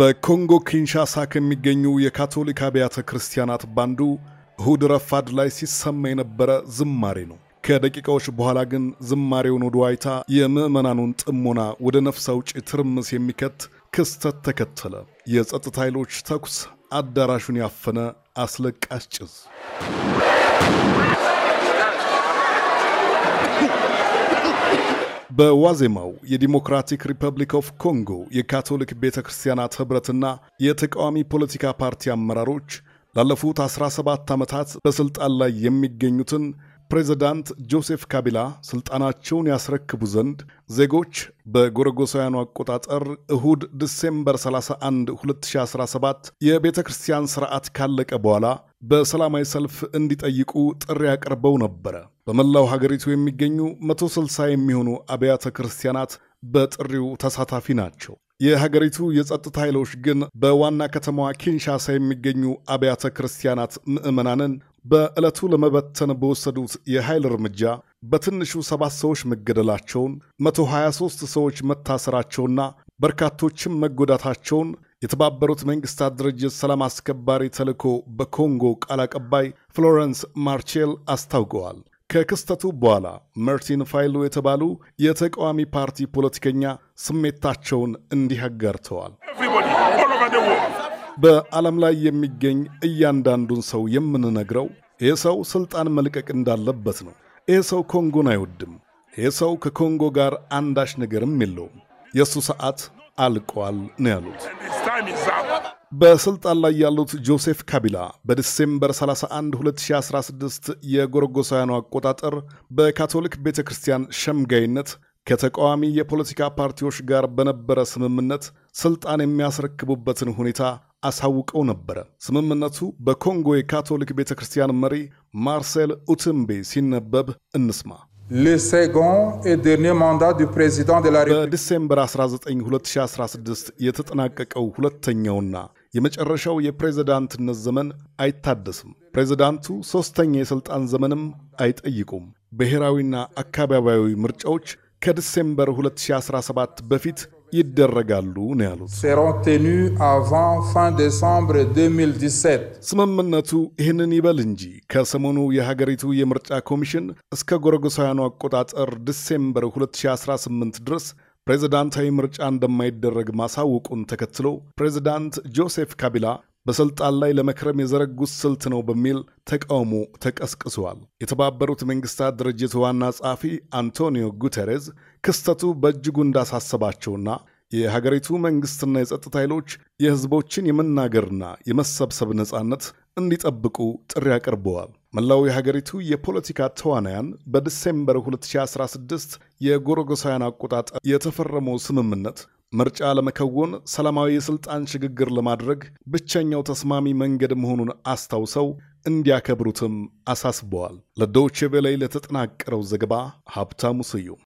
በኮንጎ ኪንሻሳ ከሚገኙ የካቶሊክ አብያተ ክርስቲያናት ባንዱ እሁድ ረፋድ ላይ ሲሰማ የነበረ ዝማሬ ነው። ከደቂቃዎች በኋላ ግን ዝማሬውን ወደ ዋይታ፣ የምዕመናኑን ጥሞና ወደ ነፍስ አውጪ ትርምስ የሚከት ክስተት ተከተለ። የጸጥታ ኃይሎች ተኩስ አዳራሹን ያፈነ አስለቃሽ ጭስ በዋዜማው የዲሞክራቲክ ሪፐብሊክ ኦፍ ኮንጎ የካቶሊክ ቤተ ክርስቲያናት ኅብረትና የተቃዋሚ ፖለቲካ ፓርቲ አመራሮች ላለፉት 17 ዓመታት በሥልጣን ላይ የሚገኙትን ፕሬዚዳንት ጆሴፍ ካቢላ ስልጣናቸውን ያስረክቡ ዘንድ ዜጎች በጎረጎሳውያኑ አቆጣጠር እሁድ ዲሴምበር 31 2017 የቤተ ክርስቲያን ስርዓት ካለቀ በኋላ በሰላማዊ ሰልፍ እንዲጠይቁ ጥሪ አቅርበው ነበረ። በመላው ሀገሪቱ የሚገኙ 160 የሚሆኑ አብያተ ክርስቲያናት በጥሪው ተሳታፊ ናቸው። የሀገሪቱ የጸጥታ ኃይሎች ግን በዋና ከተማዋ ኪንሻሳ የሚገኙ አብያተ ክርስቲያናት ምዕመናንን በዕለቱ ለመበተን በወሰዱት የኃይል እርምጃ በትንሹ ሰባት ሰዎች መገደላቸውን፣ 123 ሰዎች መታሰራቸውና በርካቶችም መጎዳታቸውን የተባበሩት መንግስታት ድርጅት ሰላም አስከባሪ ተልዕኮ በኮንጎ ቃል አቀባይ ፍሎረንስ ማርቼል አስታውቀዋል። ከክስተቱ በኋላ መርቲን ፋይሎ የተባሉ የተቃዋሚ ፓርቲ ፖለቲከኛ ስሜታቸውን እንዲህ አጋርተዋል። በዓለም ላይ የሚገኝ እያንዳንዱን ሰው የምንነግረው ይህ ሰው ሥልጣን መልቀቅ እንዳለበት ነው። ይህ ሰው ኮንጎን አይወድም። ይህ ሰው ከኮንጎ ጋር አንዳች ነገርም የለውም። የእሱ ሰዓት አልቋል ነው ያሉት። በስልጣን ላይ ያሉት ጆሴፍ ካቢላ በዲሴምበር 31 2016 የጎረጎሳውያኑ አቆጣጠር በካቶሊክ ቤተ ክርስቲያን ሸምጋይነት ከተቃዋሚ የፖለቲካ ፓርቲዎች ጋር በነበረ ስምምነት ስልጣን የሚያስረክቡበትን ሁኔታ አሳውቀው ነበረ። ስምምነቱ በኮንጎ የካቶሊክ ቤተ ክርስቲያን መሪ ማርሴል ኡትምቤ ሲነበብ እንስማ። በዲሴምበር 19 2016 የተጠናቀቀው ሁለተኛውና የመጨረሻው የፕሬዝዳንትነት ዘመን አይታደስም። ፕሬዝዳንቱ ሦስተኛ የሥልጣን ዘመንም አይጠይቁም። ብሔራዊና አካባቢያዊ ምርጫዎች ከዲሴምበር 2017 በፊት ይደረጋሉ ነው ያሉት። ስምምነቱ ይህንን ይበል እንጂ ከሰሞኑ የሀገሪቱ የምርጫ ኮሚሽን እስከ ጎረጎሳውያኑ አቆጣጠር ዲሴምበር 2018 ድረስ ፕሬዝዳንታዊ ምርጫ እንደማይደረግ ማሳወቁን ተከትሎ ፕሬዝዳንት ጆሴፍ ካቢላ በስልጣን ላይ ለመክረም የዘረጉት ስልት ነው በሚል ተቃውሞ ተቀስቅሷል። የተባበሩት መንግስታት ድርጅት ዋና ጸሐፊ አንቶኒዮ ጉተሬዝ ክስተቱ በእጅጉ እንዳሳሰባቸውና የሀገሪቱ መንግስትና የጸጥታ ኃይሎች የህዝቦችን የመናገርና የመሰብሰብ ነጻነት እንዲጠብቁ ጥሪ አቅርበዋል። መላው የሀገሪቱ የፖለቲካ ተዋናያን በዲሴምበር 2016 የጎረጎሳውያን አቆጣጠር የተፈረመው ስምምነት ምርጫ ለመከወን ሰላማዊ የሥልጣን ሽግግር ለማድረግ ብቸኛው ተስማሚ መንገድ መሆኑን አስታውሰው እንዲያከብሩትም አሳስበዋል። ለዶቼ ቬለ ለተጠናቀረው ዘገባ ሀብታሙ ስዩም